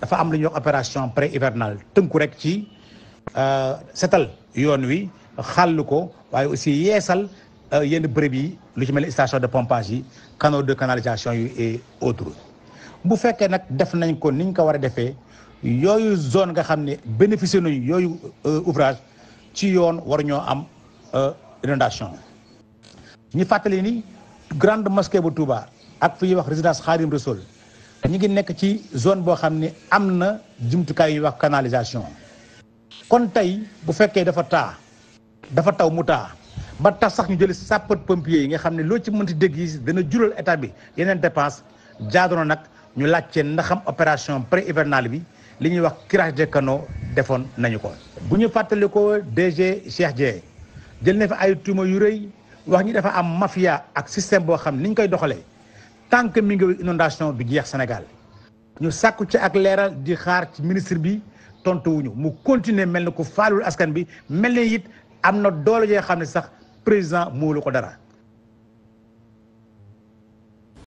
dafa am lu ñuy wax opération pré hivernale tënku rek ci euh, setal yoon wi xàll ko waaye aussi yeesal euh, yenn bërëb yi lu ci mel ni station de pompage yi canaux de canalisation yi et autres bu fekkee nag def nañ ko niñ ko war a defee yooyu zone nga xam ni bénéficier nañu yooyu euh, ouvrage ci yoon war ñoo am inondation ñu fàttali ni grande mosquée bu Touba ak fi ñuy wax résidence Khadim Rassoul te ñu ngi nekk ci zone boo xam ne am na jumtukaay yu wax canalisation kon tey bu fekkee dafa taa dafa taw mu taa ba tax sax ñu jëli sapeur pompier yi nga xam ne loo ci mënti dégg yi dana jural état bi yeneen dépense jaadoon nag ñu laajte ndax am opération pré hivernale bi li ñuy wax curage des canaux defoon nañu ko. bu ñu fàttali ko DG Cheikh Dieng jël na fa ay tuuma yu rëy wax ñi dafa am mafia ak système boo xam ni ñu koy doxalee. tant que mi ngi inondation bi jeex Sénégal ñu sàkku ci ak leeral di xaar ci ministre bi tontuwuñu mu continuer mel ni ko faalul askan bi mel ne it am na doole yoo xam ne sax président moolu ko dara